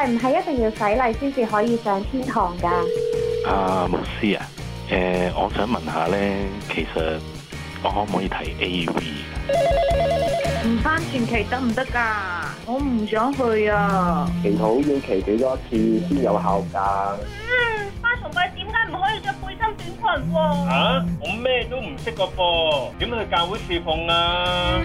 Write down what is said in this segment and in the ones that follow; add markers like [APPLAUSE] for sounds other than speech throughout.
係唔係一定要洗禮先至可以上天堂噶？啊，牧師啊，誒、呃，我想問下咧，其實我可唔可以睇 A V？唔翻團契得唔得噶？我唔想去啊！祈禱要祈禱幾多次先有效噶？嗯，返崇拜點解唔可以着背心短裙，啊？吓、啊，我咩都唔識個噃，點去教會侍奉啊？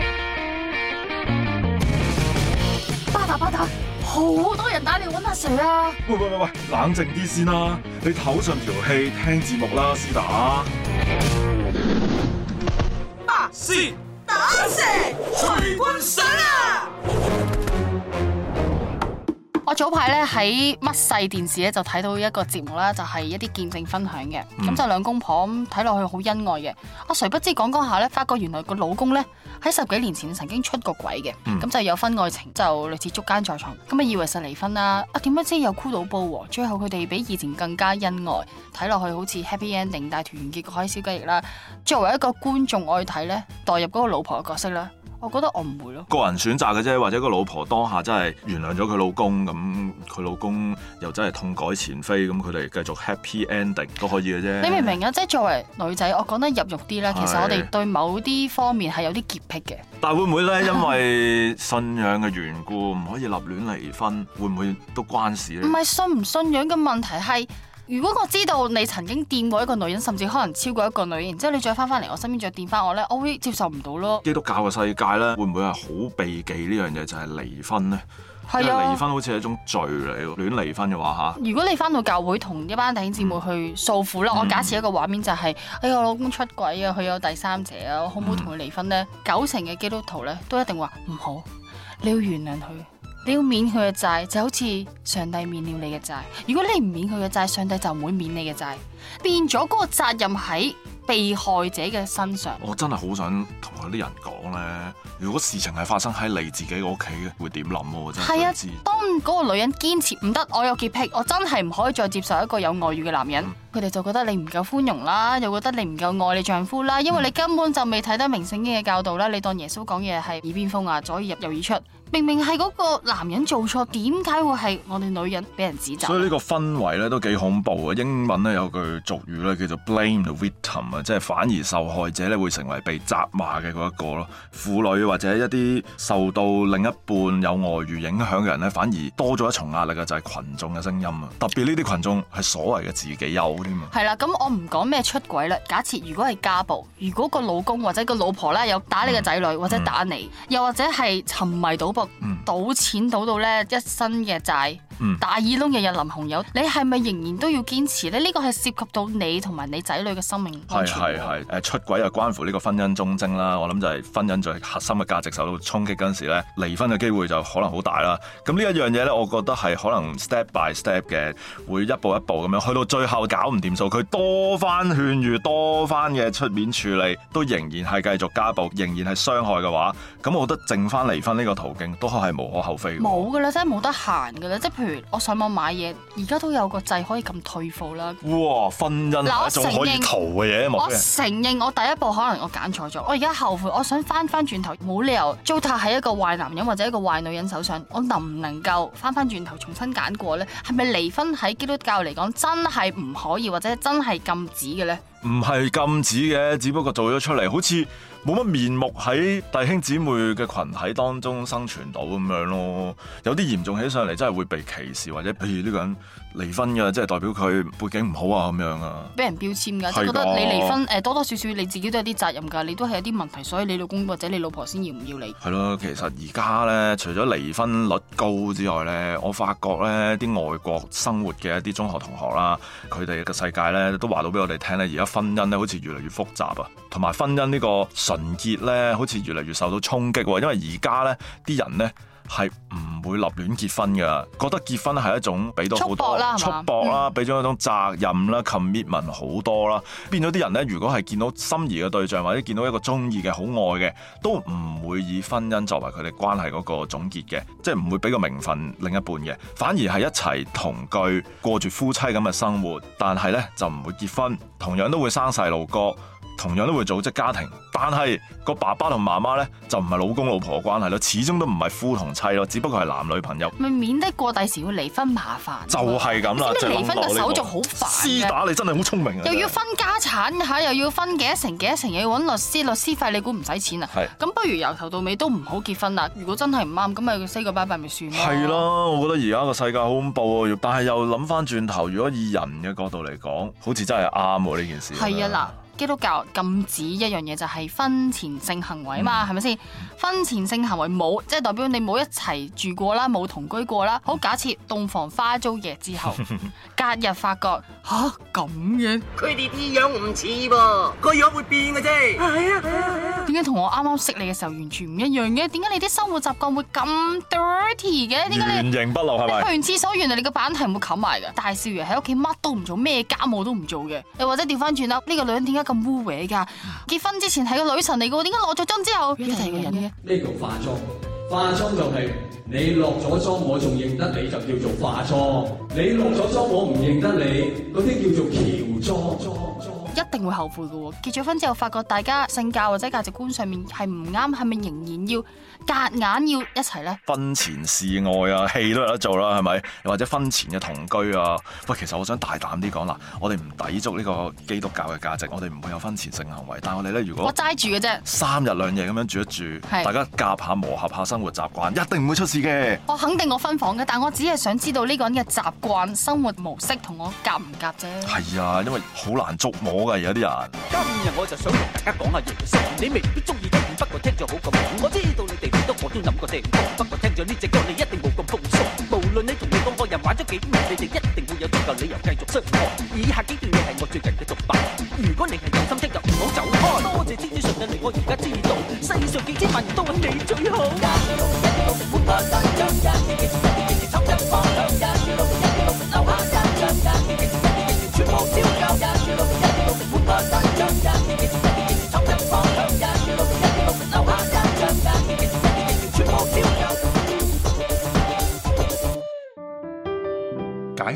好多人打嚟揾阿 Sir 啊！喂喂喂喂，冷靜啲先啦，你唞順條氣，聽節目啦，斯達。八斯打，打蛇，隨棍上啊。早排咧喺乜細電視咧就睇到一個節目啦，就係一啲見證分享嘅，咁、嗯、就兩公婆咁睇落去好恩愛嘅。啊，誰不知講講下咧，發覺原來個老公咧喺十幾年前曾經出過軌嘅，咁、嗯、就有婚外情，就類似捉奸在床。咁啊以為實離婚啦，啊點不知又箍到煲。最後佢哋比以前更加恩愛，睇落去好似 happy ending，大團結個海燒雞翼啦。作為一個觀眾愛睇咧，代入嗰個老婆嘅角色啦。我覺得我唔會咯，個人選擇嘅啫，或者個老婆當下真係原諒咗佢老公，咁佢老公又真係痛改前非，咁佢哋繼續 happy ending 都可以嘅啫。你明唔明啊？即係作為女仔，我講得入肉啲咧，是其實我哋對某啲方面係有啲潔癖嘅。但會唔會咧？因為信仰嘅緣故，唔可以立亂離婚，會唔會都關事咧？唔係信唔信仰嘅問題係。如果我知道你曾經掂過一個女人，甚至可能超過一個女人，之後你再翻翻嚟我身邊再掂翻我咧，我會接受唔到咯。基督教嘅世界咧，會唔會係好避忌呢樣嘢，就係、是、離婚呢，係啊，離婚好似係一種罪嚟嘅，亂離婚嘅話吓。如果你翻到教會同一班弟兄姊妹去訴苦啦，我假設一個畫面就係，哎呀，我老公出軌啊，佢有第三者啊，我好唔好同佢離婚呢？嗯，九成嘅基督徒咧都一定話唔好，你要原諒佢。你要免佢嘅債，就好似上帝免了你嘅債。如果你唔免佢嘅債，上帝就唔會免你嘅債，變咗嗰個責任喺被害者嘅身上。我真係好想同嗰啲人講咧，如果事情係發生喺你自己屋企嘅，會點諗？真係。係啊，當嗰個女人堅持唔得，我有潔癖，我真係唔可以再接受一個有外遇嘅男人。嗯佢哋就覺得你唔夠寬容啦，又覺得你唔夠愛你丈夫啦，因為你根本就未睇得《明聖經》嘅教導啦，你當耶穌講嘢係耳邊風啊，左耳入右耳出。明明係嗰個男人做錯，點解會係我哋女人俾人指責？所以呢個氛圍咧都幾恐怖啊！英文咧有句俗語咧叫做 blame the victim 啊，即係反而受害者咧會成為被責罵嘅嗰一個咯。婦女或者一啲受到另一半有外遇影響嘅人咧，反而多咗一重壓力嘅就係、是、群眾嘅聲音啊！特別呢啲群眾係所謂嘅自己有。係啦，咁我唔講咩出軌啦。假設如果係家暴，如果個老公或者個老婆咧，有打你嘅仔女，或者打你，又或者係沉迷賭博，賭錢賭到咧一身嘅債。大、嗯、耳窿日日淋紅油，你係咪仍然都要堅持呢？呢、這個係涉及到你同埋你仔女嘅生命。係係係，誒出軌又關乎呢個婚姻忠貞啦。我諗就係婚姻最核心嘅價值受到衝擊嗰陣時咧，離婚嘅機會就可能好大啦。咁呢一樣嘢咧，我覺得係可能 step by step 嘅，會一步一步咁樣去到最後搞唔掂數。佢多番勸喻、多番嘅出面處理，都仍然係繼續家暴，仍然係傷害嘅話，咁我覺得剩翻離婚呢個途徑都係無可厚非。冇噶啦，真係冇得閒噶啦，即我上網買嘢，而家都有個掣可以咁退貨啦。哇！婚姻仲可以逃嘅嘢，我承認我第一步可能我揀錯咗，我而家後悔，我想翻翻轉頭，冇理由糟蹋喺一個壞男人或者一個壞女人手上。我能唔能夠翻翻轉頭重新揀過咧？係咪離婚喺基督教嚟講真係唔可以，或者真係禁止嘅咧？唔係禁止嘅，只不過做咗出嚟好似。冇乜面目喺弟兄姊妹嘅群體當中生存到咁樣咯，有啲嚴重起上嚟真係會被歧視，或者譬如呢個人離婚嘅，即係代表佢背景唔好啊咁樣啊，俾人標籤㗎，係即覺得你離婚誒、呃、多多少少你自己都有啲責任㗎，你都係有啲問題，所以你老公或者你老婆先要唔要你？係咯，其實而家咧，除咗離婚率高之外咧，我發覺咧啲外國生活嘅一啲中學同學啦，佢哋嘅世界咧都話到俾我哋聽咧，而家婚姻咧好似越嚟越複雜啊，同埋婚姻呢、呢個。人結咧，好似越嚟越受到衝擊喎，因為而家咧啲人咧係唔會立亂結婚㗎，覺得結婚係一種俾多好多束縛啦，俾咗一種責任啦、嗯，commitment 好多啦，變咗啲人咧，如果係見到心儀嘅對象或者見到一個中意嘅、好愛嘅，都唔會以婚姻作為佢哋關係嗰個總結嘅，即係唔會俾個名分另一半嘅，反而係一齊同居過住夫妻咁嘅生活，但係咧就唔會結婚，同樣都會生細路哥。同樣都會組織家庭，但係個爸爸同媽媽咧就唔係老公老婆關係咯，始終都唔係夫同妻咯，只不過係男女朋友咪免得過第時要離婚麻煩，就係咁啦。就這個、離婚個手續好煩，私打你真係好聰明，又要分家產嚇，又要分幾多成幾多成，又要，又要搵律師律師費，你估唔使錢啊？咁是不如由頭到尾都唔好結婚啦。如果真係唔啱咁咪 say 個拜拜咪算咯。係啦，我覺得而家個世界好恐怖喎。但係又諗翻轉頭，如果以人嘅角度嚟講，好似真係啱呢件事係啊嗱。基督教禁止一樣嘢就係婚前性行為啊嘛，係咪先？婚前性行為冇，即係代表你冇一齊住過啦，冇同居過啦。好，假設洞房花燭夜之後，隔日發覺吓，咁 [LAUGHS] 樣，佢哋啲樣唔似噃，個樣會變嘅啫。係啊，點解同我啱啱識你嘅時候完全唔一樣嘅？點解你啲生活習慣會咁 dirty 嘅？點解？你？形不露係咪？你去完廁所原來你個板係唔會冚埋嘅。大少爺喺屋企乜都唔做，咩家務都唔做嘅。又或者調翻轉啦，呢、呢個女人點解？咁污嘢噶，麼麼嗯、結婚之前係個女神嚟嘅，點解落咗妝之後一定係個人嘅呢個化妝，化妝就係你落咗妝我仲認得你就叫做化妝，你落咗妝我唔認得你嗰啲叫做喬妝，一定會後悔嘅。結咗婚之後發覺大家性格或者價值觀上面係唔啱，係咪仍然要？夾硬要一齊咧？婚前試愛啊，戲都有得做啦，係咪？又或者婚前嘅同居啊？喂，其實我想大膽啲講啦，我哋唔抵觸呢個基督教嘅價值，我哋唔會有婚前性行為，但係我哋咧，如果我齋住嘅啫，三日兩夜咁樣住一住，是大家夾下，磨合下生活習慣，一定唔會出事嘅。我肯定我分房嘅，但我只係想知道呢個人嘅習慣、生活模式同我夾唔夾啫。係啊，因為好難捉摸嘅，有啲人。今日我就想同大家講下嘢，你未必中意不過聽咗好講，我知道你都我都諗過定聽，不過聽咗呢隻歌，你一定冇咁風騷。無論你同幾多個人玩咗幾耐，你哋一定會有足夠理由繼續失望。以下幾段又係我最近嘅獨白。如果你係有心聽，就唔好走開。多謝天主順應，我而家知道世上幾千萬人都係你最好。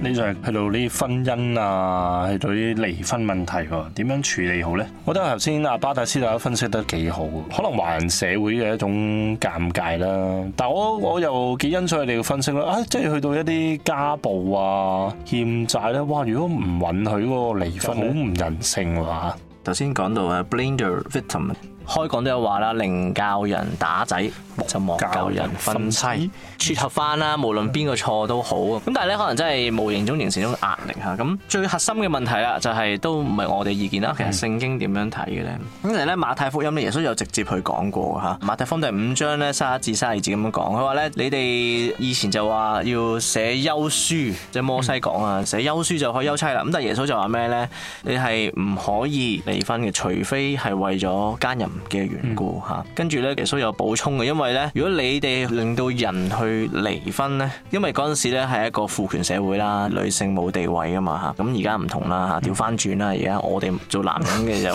你就係去到啲婚姻啊，去到啲離婚問題喎，點樣處理好咧？我覺得頭先阿巴達斯大家分析得幾好，可能華人社會嘅一種尷尬啦。但係我我又幾欣賞你哋嘅分析啦。啊，即係去到一啲家暴啊、欠債咧，哇！如果唔允許個離婚，好唔人性喎嚇。頭先講到啊，Blind Victim。開講都有話啦，寧教人打仔，就莫教人分妻，撮合翻啦。無論邊個錯都好，咁但係咧可能真係無形中形成種壓力吓。咁最核心嘅問題啦、就是，就係都唔係我哋意見啦。其實聖經點樣睇嘅咧？咁、嗯、其實咧馬太福音咧耶穌有直接去講過吓。馬太福音第五章咧三一至三二節咁樣講，佢話咧你哋以前就話要寫休書，即係摩西講啊，寫、嗯、休書就可以休妻啦。咁但係耶穌就話咩咧？你係唔可以離婚嘅，除非係為咗奸淫。嘅緣故吓，跟住咧其實都有補充嘅，因為咧如果你哋令到人去離婚咧，因為嗰陣時咧係一個父權社會啦，女性冇地位噶嘛吓，咁而家唔同啦吓，調翻轉啦，而家我哋做男人嘅就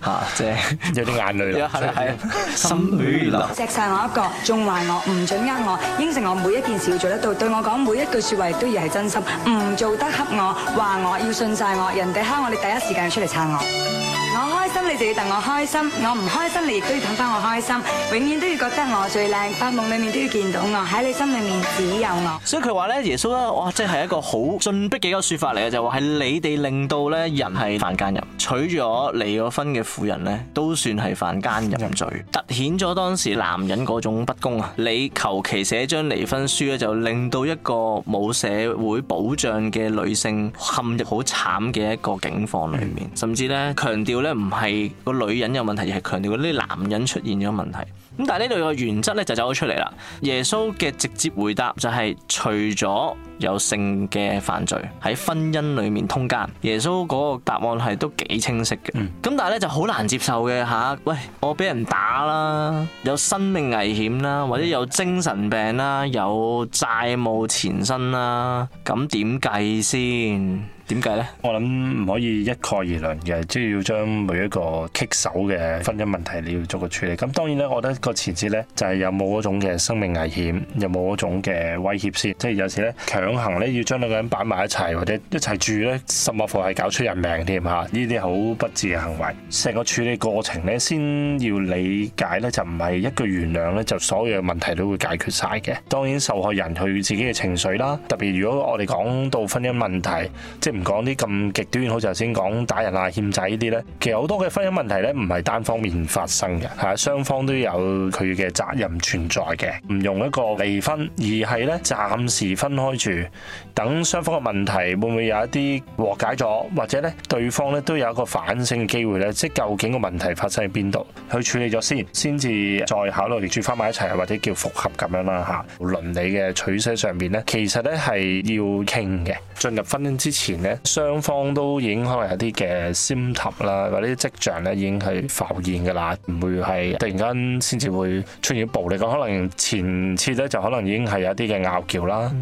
吓，即、就、係、是、有啲眼淚咯，係啊，心碎啦，錫晒我一個，縱壞我，唔准呃我，應承我每一件事要做得到，對我講每一句說話亦都要係真心，唔做得恰我，話我要，要信晒我，人哋蝦我，你第一時間要出嚟撐我。我開心你就要等我開心，我唔開心你亦都要等翻我開心，永遠都要覺得我最靚，發夢裏面都要見到我喺你心裏面只有我。所以佢話咧，耶穌咧，哇，即係一個好進逼嘅一個說法嚟嘅就話、是、係你哋令到咧人係犯姦淫，娶咗離咗婚嘅婦人咧，都算係犯姦淫罪，人罪凸顯咗當時男人嗰種不公啊！你求其寫張離婚書咧，就令到一個冇社會保障嘅女性陷入好慘嘅一個境況裏面，嗯、甚至咧強調。咧唔係個女人有問題，而係強調嗰啲男人出現咗問題。咁但係呢度個原則咧就走咗出嚟啦。耶穌嘅直接回答就係除咗有性嘅犯罪喺婚姻裏面通姦，耶穌嗰個答案係都幾清晰嘅。咁但係咧就好難接受嘅吓，喂，我俾人打啦，有生命危險啦，或者有精神病啦，有債務纏身啦，咁點計先？點計呢？我諗唔可以一概而論嘅，即係要將每一個棘手嘅婚姻問題你要逐個處理。咁當然咧，我覺得。個前節咧就係有冇嗰種嘅生命危險，有冇嗰種嘅威脅先？即係有時咧強行咧要將兩個人擺埋一齊，或者一齊住咧，甚至乎係搞出人命添吓！呢啲好不智嘅行為。成個處理過程咧，先要理解咧，就唔係一句原諒咧，就所有嘅問題都會解決晒嘅。當然受害人佢自己嘅情緒啦，特別如果我哋講到婚姻問題，即係唔講啲咁極端，好似頭先講打人啊、欠債呢啲咧，其實好多嘅婚姻問題咧，唔係單方面發生嘅，吓雙方都有。佢嘅責任存在嘅，唔用一個離婚，而係咧暫時分開住，等雙方嘅問題會唔會有一啲和解咗，或者咧對方咧都有一個反省嘅機會咧。即係究竟個問題發生喺邊度，去處理咗先，先至再考慮住翻埋一齊或者叫復合咁樣啦。吓，倫理嘅取捨上面咧，其實咧係要傾嘅。進入婚姻之前咧，雙方都已經可能有啲嘅尖塔啦，或者啲跡象咧已經係浮現噶啦，唔會係突然間先。就會出現暴力，可能前次咧就可能已經係有一啲嘅拗撬啦，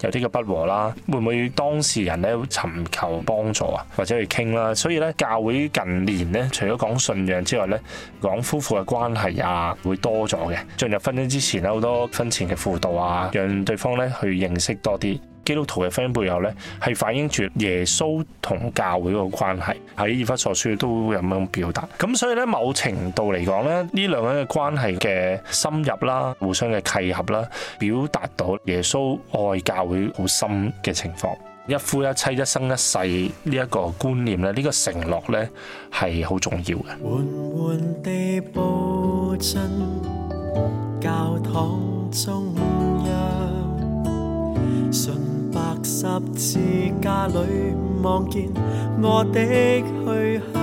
有啲嘅不和啦，會唔會當事人咧尋求幫助啊，或者去傾啦？所以咧教會近年咧除咗講信仰之外咧，講夫婦嘅關係啊會多咗嘅，進入婚姻之前咧好多婚前嘅輔導啊，讓對方咧去認識多啲。基督徒嘅 friend 背後咧，係反映住耶穌同教會個關係，喺《以弗所書》都有咁樣表達。咁所以咧，某程度嚟講咧，呢兩個人嘅關係嘅深入啦，互相嘅契合啦，表達到耶穌愛教會好深嘅情況，一夫一妻一生一世呢一個觀念咧，呢、呢個承諾咧係好重要嘅。緩緩地步進教堂中。純白十字架裏望見我的去向，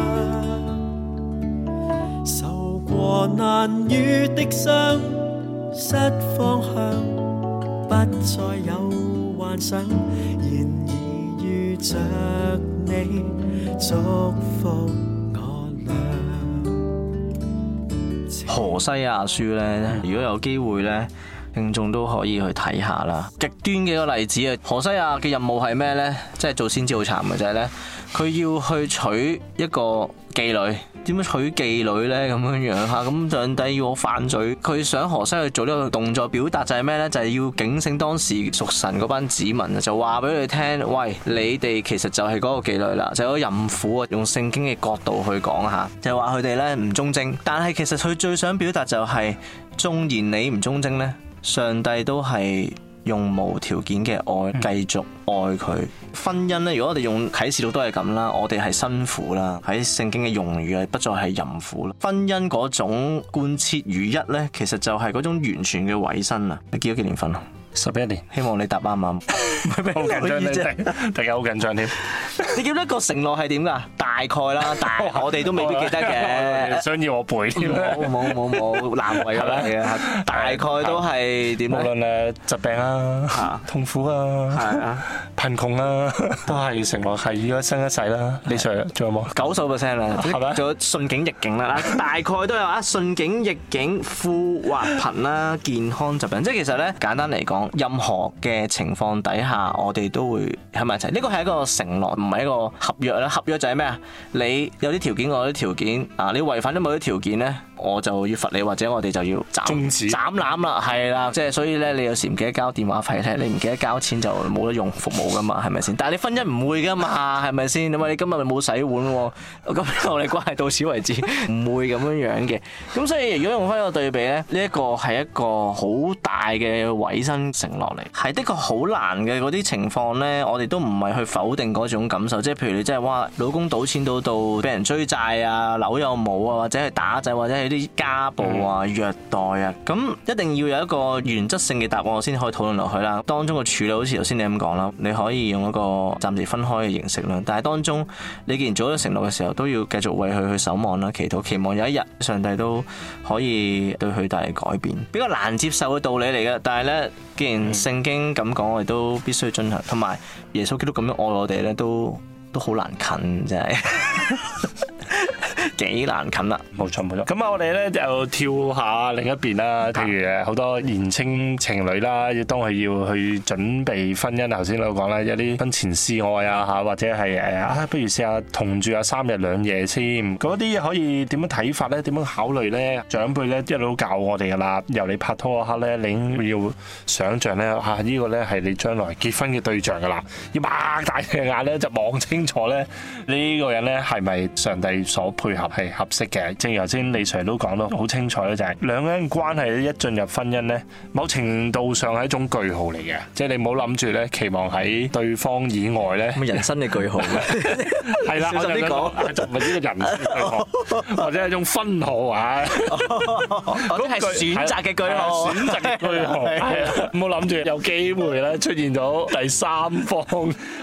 受過難遇的傷，失方向，不再有幻想，然而遇着你祝福我倆。何西阿書呢？如果有機會呢，聽眾都可以去睇下啦。極端嘅一個例子啊，何西亞嘅任務係咩呢？即係做先知好慘嘅就係呢：佢要去娶一個妓女，點樣娶妓女呢？咁樣樣嚇，咁上帝要我犯罪。佢想何西去做呢個動作表達就係咩呢？就係要警醒當時屬神嗰班子民就話俾佢聽：喂，你哋其實就係嗰個妓女啦，就係個淫婦啊。用聖經嘅角度去講下。」就話佢哋呢唔忠貞，但係其實佢最想表達就係忠言，你唔忠貞呢。」上帝都係用無條件嘅愛繼續愛佢。婚姻呢，如果我哋用啟示錄都係咁啦，我哋係辛苦啦，喺聖經嘅用語係不再係淫婦啦。婚姻嗰種貫徹如一呢，其實就係嗰種完全嘅委身啊！你結咗幾年婚啦？十一年，希望你答啱啱。好緊張，突然突然好緊張添。你記得個承諾係點㗎？大概啦，大我哋都未必記得嘅。想要我背添？冇冇冇，難為咗你。大概都係點？無論誒疾病啊，痛苦啊，貧窮啊，都係承諾係一生一世啦。你上仲有冇？九十五 percent 啦，係咪？仲有順境逆境啦，大概都有啊。順境逆境富或貧啦，健康疾病，即係其實咧簡單嚟講。任何嘅情況底下，我哋都會喺埋一齊。呢個係一個承諾，唔係一個合約啦。合約就係咩啊？你有啲條件，我有啲條件啊！你違反咗某啲條件咧。我就要罰你，或者我哋就要終止。斬纜啦，係啦，即係所以咧，你有時唔記得交電話費咧，你唔記得交錢就冇得用服務噶嘛，係咪先？但係你婚姻唔會噶嘛，係咪先？你話，你今日咪冇洗碗喎，啊，咁我哋關係到此為止，唔 [LAUGHS] 會咁樣樣嘅。咁所以如果用翻個對比咧，呢一個係一個好大嘅委身承諾嚟，係的確好難嘅嗰啲情況咧，我哋都唔係去否定嗰種感受，即係譬如你真係哇，老公賭錢賭到俾人追債啊，樓又冇啊，或者係打仔，或者啲家暴啊、虐待啊，咁一定要有一個原則性嘅答案我先可以討論落去啦。當中嘅處理好似頭先你咁講啦，你可以用一個暫時分開嘅形式啦。但係當中，你既然做咗承諾嘅時候，都要繼續為佢去守望啦、祈禱，期望有一日上帝都可以對佢帶嚟改變。比較難接受嘅道理嚟嘅，但係呢，既然聖經咁講，我哋都必須遵行。同埋耶穌基督咁樣愛我哋呢，都都好難近，真係。 [LAUGHS] 幾難近啦，冇錯冇錯。咁啊，我哋咧就跳下另一邊啦。譬如好多年青情侶啦，亦都係要去準備婚姻，頭先都講啦，有啲婚前試愛啊嚇，或者係誒啊，不如試下同住下三日兩夜先。嗰啲可以點樣睇法咧？點樣考慮咧？長輩咧一路都教我哋噶啦。由你拍拖嗰刻咧，你要想象咧嚇，呢個咧係你將來結婚嘅對象噶啦，要擘大隻眼咧就望清楚咧，呢個人咧係咪上帝所配合？係合適嘅，正如頭先李 Sir 都講得好清楚咧，就係兩個人關係咧一進入婚姻咧，某程度上係一種句號嚟嘅，即、就、係、是、你唔好諗住咧期望喺對方以外咧，人生嘅句號咧，係啦 [LAUGHS] 了，小心啲講，唔係呢個人生嘅句號， [LAUGHS] 或者係一種分號啊，或者係選擇嘅句，句號，選擇嘅句號，唔好諗住有機會咧出現到第三方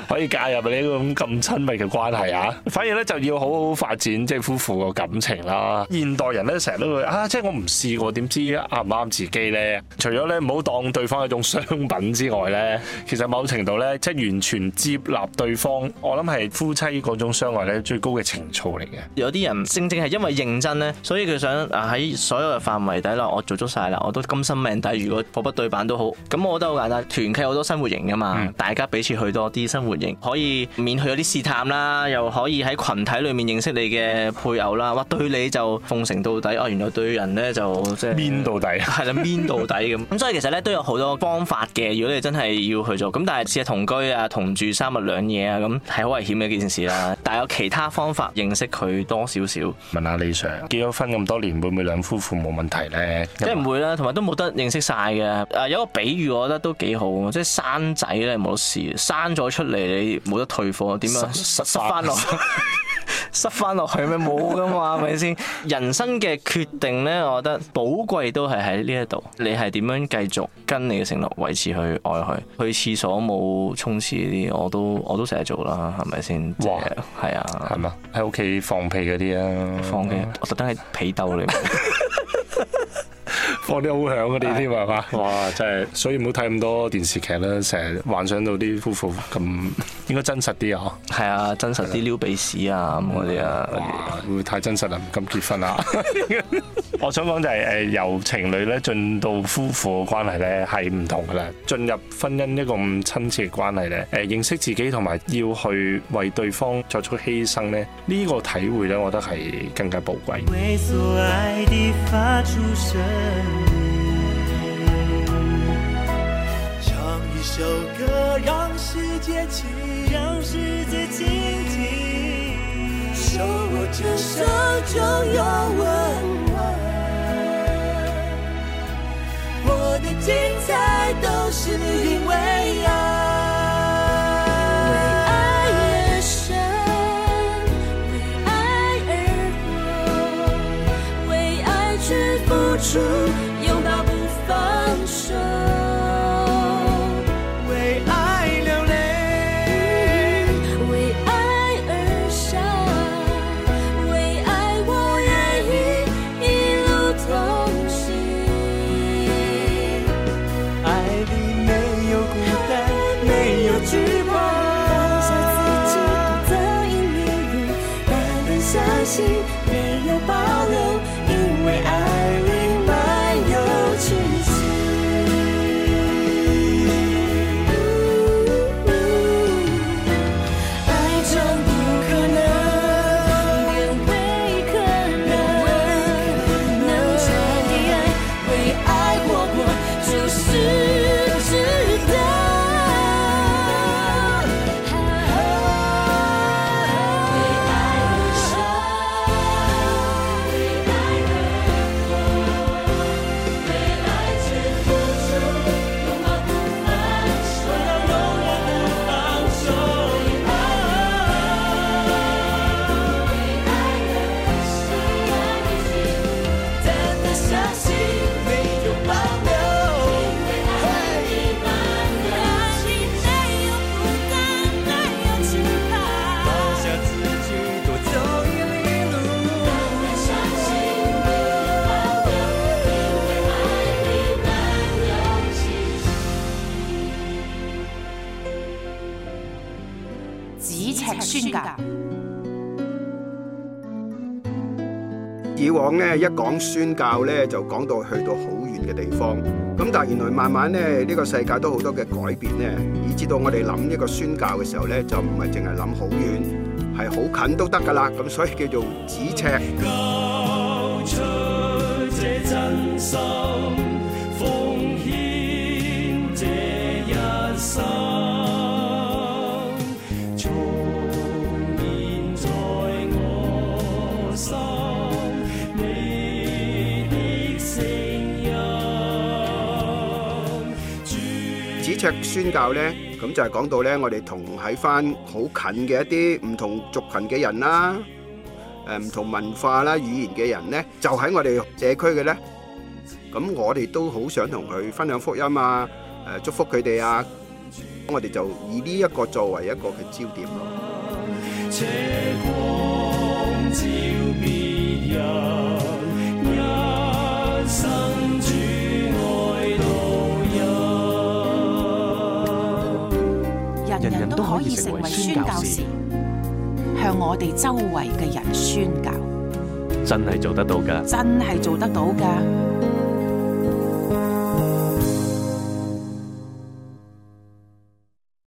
可以介入你呢個咁咁親密嘅關係啊， [LAUGHS] 反而咧就要好好發展即係夫個感情啦，現代人咧成日都會啊，即係我唔試過，點知啱唔啱自己咧？除咗咧唔好當對方係一種商品之外咧，其實某程度咧，即係完全接納對方，我諗係夫妻嗰種相愛咧最高嘅情操嚟嘅。有啲人正正係因為認真咧，所以佢想啊喺所有嘅範圍底下，我做足晒啦，我都甘心命底。但如果貨不對板都好，咁我覺得好簡單。團契好多生活型噶嘛，嗯、大家彼此去多啲生活型，可以免去有啲試探啦，又可以喺群體裏面認識你嘅配。有啦，或 [MUSIC] 對你就奉承到底，哦，原來對人咧就即係面到底，係啦，面到底咁。咁所以其實咧都有好多方法嘅，如果你真係要去做，咁但係試下同居啊、同住三日兩夜啊，咁係好危險嘅一件事啦。但係有其他方法認識佢多少少。問下李 Sir，結咗婚咁多年，會唔會兩夫婦冇問題咧？即係唔會啦，同埋都冇得認識晒嘅。誒，有一個比喻，我覺得都幾好，即係生仔咧冇事，生咗出嚟你冇得退貨，點樣塞翻落？ [LAUGHS] 塞翻落去咪冇㗎嘛，係咪先？ [LAUGHS] 人生嘅決定呢，我覺得寶貴都係喺呢一度。你係點樣繼續跟你嘅承諾維持去愛佢？去廁所冇沖廁嗰啲，我都我都成日做啦，係咪先？哇，係啊吧，係嘛？喺屋企放屁嗰啲啊，放屁，我特登喺被竇裏面。 [LAUGHS] 我啲好響嗰啲添啊，係嘛，哦？哇，真係，所以唔好睇咁多電視劇啦，成日幻想到啲夫婦咁應該真實啲啊。係啊，真實啲撩、啊、鼻屎啊咁啲啊，嗯嗯、會唔會太真實啊？唔敢結婚啊！我想講就係、是、誒、呃，由情侶咧進到夫婦嘅關係咧係唔同㗎啦。進入婚姻一個咁親切嘅關係咧，誒、呃、認識自己同埋要去為對方作出犧牲咧，呢、呢個體會咧，我覺得係更加寶貴的。首歌讓世界聽，讓世界聽，讓世界聽，手握著手就有溫暖，我的精彩都是因為愛。為愛而生，為愛而活，為愛去付出。沒有保留。一講宣教呢，就講到去到好遠嘅地方。咁但係原來慢慢呢，呢個世界都好多嘅改變呢，以至到我哋諗一個宣教嘅時候呢，就唔係淨係諗好遠，係好近都得噶啦。咁所以叫做咫尺。 [MUSIC] 赤宣教呢，咁就係講到呢，我哋同喺翻，好近嘅一啲唔同族群嘅人啦，誒唔同文化啦、語言嘅人呢，就喺我哋社區嘅呢，咁我哋都好想同佢分享福音啊，誒祝福佢哋啊，我哋就以呢一個作為一個嘅焦點咯。可以成為宣教士，向我哋周圍嘅人宣教。真係做得到噶，真係做得到噶。